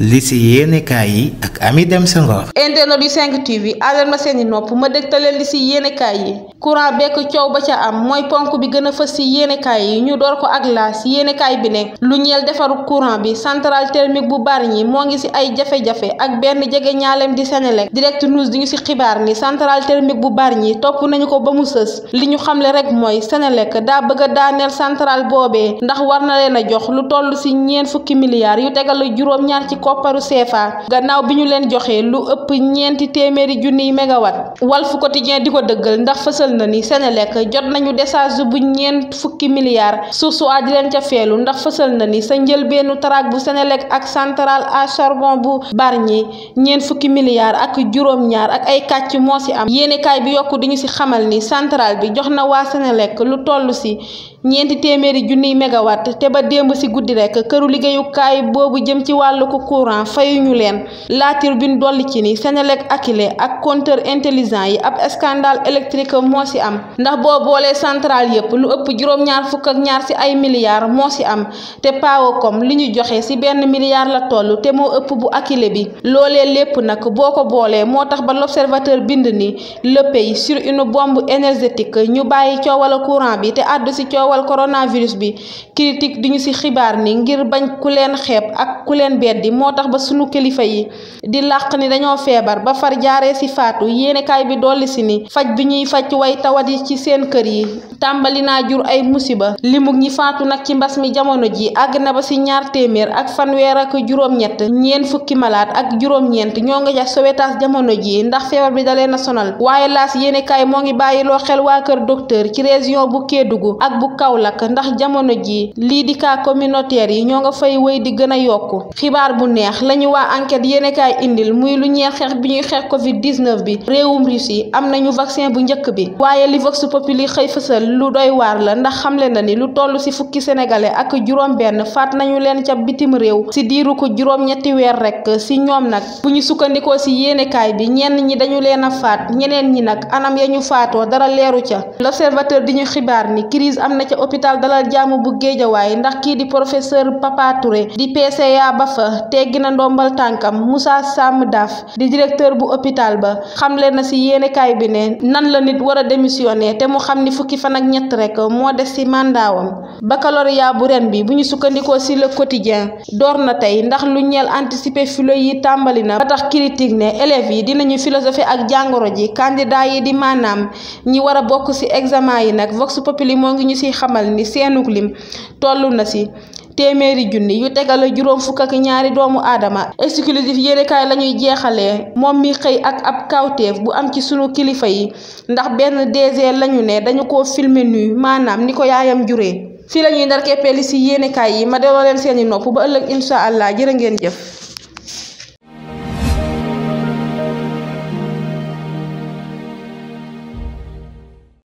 li si yéene kaay yi ak Ami dem Deme Senghor. internet yu 5 TV alal ma seeni nopp ma dégtaleel li si yéene kaay yi. courant bekk coow ba ca am mooy ponk bi gën fës ci yéenekaay yi ñu door ko ak laas yéenekaay bi ne lu ñeel defaru courant bi centrale thermique bu Bargny moo ngi ci ay jafe-jafe ak benn jege ñaaleem di Senelec direct news di ñu ci xibaar ni centrale thermique bu Bargny topp nañu ko ba mu sës li ñu xamle rek mooy Senelec daa bëgg a daaneel centrale boobee ndax war na leen a jox lu toll ci ñeent fukki milliards yu tegal juróom-ñaar ci kopparu CFA gannaaw bi ñu leen joxee lu ëpp ñeenti téeméeri junniy mégawatt Walf fësal na ni Senelec jot nañu décharge bu ñeent fukki milliards suuf di leen ca feelu ndax fësal na ni sa njëlbeenu traque bu Senelec ak centrale à sorbon bu Bargny ñeent fukki milliards ak juróom-ñaar ak ay kàcc moo si am yéenekaay bi yokk duñu si xamal ni centrale bi jox na waa lekk lu toll si ñeenti téeméeri junniy mégawatt te ba démb ci guddi rekk këru liggéeyukaay boobu jëm ci wàllu ko courant fayuñu leen La Tribune dolli ci ni Senelec Akilee ak compteur intelligent yi ab scandale électrique moo ci am ndax boo boolee centrale yépp lu ëpp juróom-ñaar fukk ak ñaar ci ay milliards moo ci am te Pawacom li ñu joxe ci benn milliard la toll te moo ëpp bu Akilee bi loolee lépp nag boo ko boolee moo tax ba l'observateur bind ni le pays sur une bombe ñu bàyyi coowala courant bi te àddu coowal coronavirus bi critique di ñu ci xibaar ni ngir bañ ku leen xeeb ak ku leen beddi moo tax ba suñu kilifa yi di làq ni dañoo feebar ba far jaaree ci faatu yéenekaay bi dolli ci ni faj bi ñuy faj way tawat yi ci seen kër yi tàmbali naa jur ay musiba limug ñi faatu nag ci mbas mi jamono ji àgg na ba ci ñaar téeméer ak fanweer ak juróom-ñett ñeen fukki malaat ak juróom-ñeent ñoo nga ja sowetaas jamono ji ndax feebar bi dalee na sonal waaye laas yéenekaay moo ci région Kaolack ndax jamono ji lii di cas communautaire yi ñoo nga fay wéy di gën a yokku xibaar bu neex lañu waa enquête yéenekaay indil muy lu ñeel xeex bi ñuy xeex covid 19 bi réewum Russie am na nañu vaccin bu njëkk bi waaye li vox populi xëy fësal lu doy waar la ndax xamle na ni lu toll ci fukki sénégalais ak juróom benn faat nañu leen ca bitim réew ci diiru ko juróom ñetti weer rekk ci ñoom nag bu ñu sukkandikoo ci yéenekaay bi ñenn ñi dañu leen a faat ñeneen ñi nag anam ya ñu faatoo dara ca ca hôpital dalal jàmm bu géejawaay ndax kii di professeur Papa Touré di PCA ba fa teggi na ndombal tànkam Moussa sàmm Daf di directeur bu hôpital ba xamle na si yéenekaay bi ne nan la nit war a démissionner te mu xam ni fukki fan ak ñett rek moo des si mandaawam baccalauréat bu ren bi bu ñu sukkandikoo si le quotidien door na tey ndax lu ñeel anticiper filo yi tàmbali na ba tax critique ne élèves yi dinañu philosophie ak jàngoro ji candidat yi di maanaam ñi war a bokk si examen yi nag vox populi moo ngi ñu si xamal ni seenu lim toll na si téeméeri junni yu tegal juróom fukk ak ñaari doomu aadama exclusif yérekaay la ñuy jeexalee moom mi xëy ak ab kawteef bu am ci sunu kilifa yi ndax benn DG lañu ne dañu ko filmer nu maanaam ni ko yaayam juree fii la ñuy ndar keppee si yéenekaay yi ma delloo leen seeni nopp ba ëllëg incha allah jërë ngeen jëf